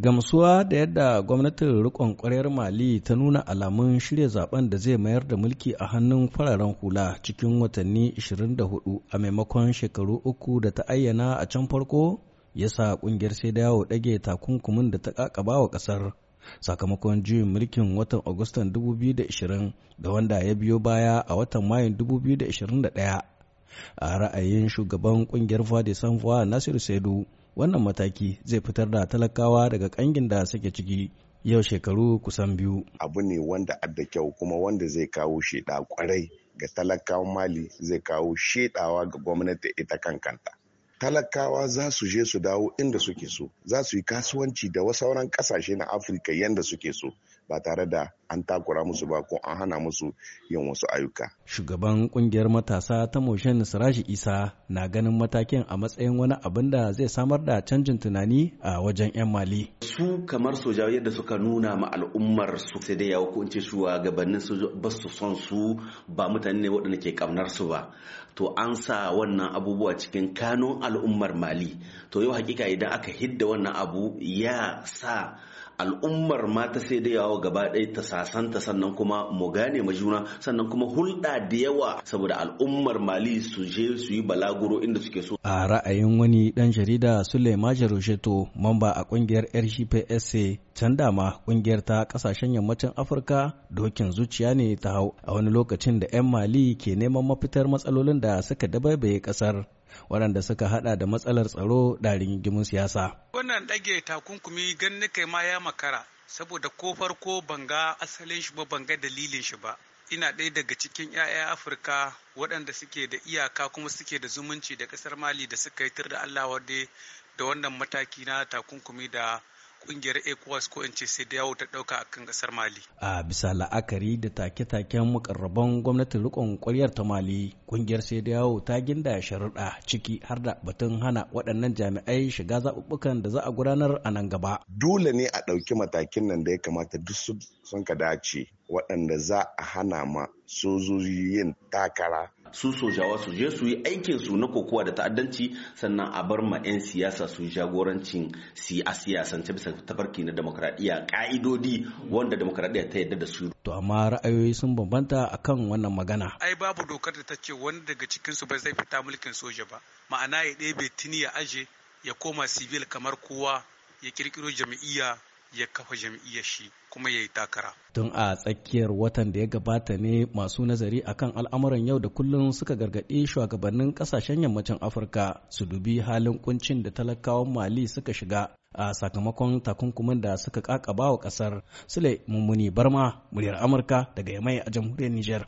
Gamsuwa da yadda gwamnatin rikon kwarar Mali ta nuna alamun shirya zaben da zai mayar da mulki a hannun fararen hula cikin watanni 24 a maimakon shekaru uku da ta ayyana a can farko ya sa kungiyar sai da yawo dage takunkumin da ta kakaba wa ƙasar sakamakon juyin mulkin watan Agustan 2020 da wanda ya biyo baya a watan Mayun 2021. A ra'ayin shugaban kungiyar Fadi Sanfuwa Nasiru Saidu wannan mataki zai fitar da talakawa daga kangin da suke ciki yau shekaru kusan biyu abu ne wanda adda kyau kuma wanda zai kawo sheda kwarai ga talakawan mali zai kawo shedawa ga gwamnati ita kankanta talakawa za su je su dawo inda suke so za su yi kasuwanci da wasu sauran kasashe na afirka yadda suke so ba tare da an takura musu ba ko an hana musu yin wasu ayyuka shugaban kungiyar matasa ta moshen sirashi isa na ganin matakin a matsayin wani abin da zai samar da canjin tunani a wajen 'yan mali su kamar soja yadda suka nuna ma al'ummar su sai da yawo ko in ce gabanin su ba su son su ba mutane ne waɗanda ke kamnar su ba to an sa wannan abubuwa cikin kanun al'ummar mali to yau hakika idan aka hidda wannan abu ya sa al'ummar mata sai da yawo gaba ɗaya ta sasanta sannan kuma mu gane ma juna sannan kuma hulɗa da yawa saboda al'ummar mali su je su yi balaguro inda suke so. a ra'ayin wani ɗan jarida suleima jarusheto mamba a ƙungiyar rgpsa can dama ƙungiyar ta ƙasashen yammacin afirka dokin zuciya ne ta hau a wani lokacin da 'yan mali ke neman mafitar matsalolin da suka dabaibaye ƙasar waɗanda suka haɗa da matsalar tsaro da rigingimin siyasa. Wannan ɗage takunkumi ganin kai ma ya makara saboda ko farko banga asalin shi ba banga dalilin shi ba. Ina ɗaya daga cikin 'ya'ya Afirka waɗanda suke da iyaka kuma suke da zumunci da ƙasar Mali da suka yi tur da Allah wadda da wannan mataki na takunkumi da kungiyar ecowas ko in ce sai da yawo ta dauka a kan kasar mali a bisa la'akari da take-taken mukarraban gwamnatin rikon kwaryar ta mali kungiyar sai da yawo ta ginda sharuɗa ciki har da batun hana waɗannan jami'ai shiga zaɓuɓɓukan da za a gudanar a nan gaba dole ne a ɗauki matakin nan da ya kamata duk sun ka dace waɗanda za a hana ma sojoji yin takara su sojawa su je su yi aikin su na kokowa da ta'addanci sannan a bar ma 'yan siyasa su jagorancin a siyasance bisa tafarki na demokradiyya ka'idodi wanda demokradiyya ta yadda da su to amma ra'ayoyi sun bambanta a kan wannan magana ai babu dokar da ta ce wani daga cikin su ba zai fita mulkin soja ba ma'ana ya ɗebe tini ya aje ya koma civil kamar kowa ya kirkiro jam'iyya ya kafa jam'iyyar shi kuma ya yi takara. Tun a tsakiyar watan da ya gabata ne masu nazari akan al'amuran yau da kullum suka gargaɗi shugabannin ƙasashen yammacin Afirka su dubi halin kuncin da talakawan Mali suka shiga a sakamakon takunkumin da suka kakaba wa ƙasar. Sule Mummuni Barma, muryar Amurka daga Yamai a jamhuriyar Nijar.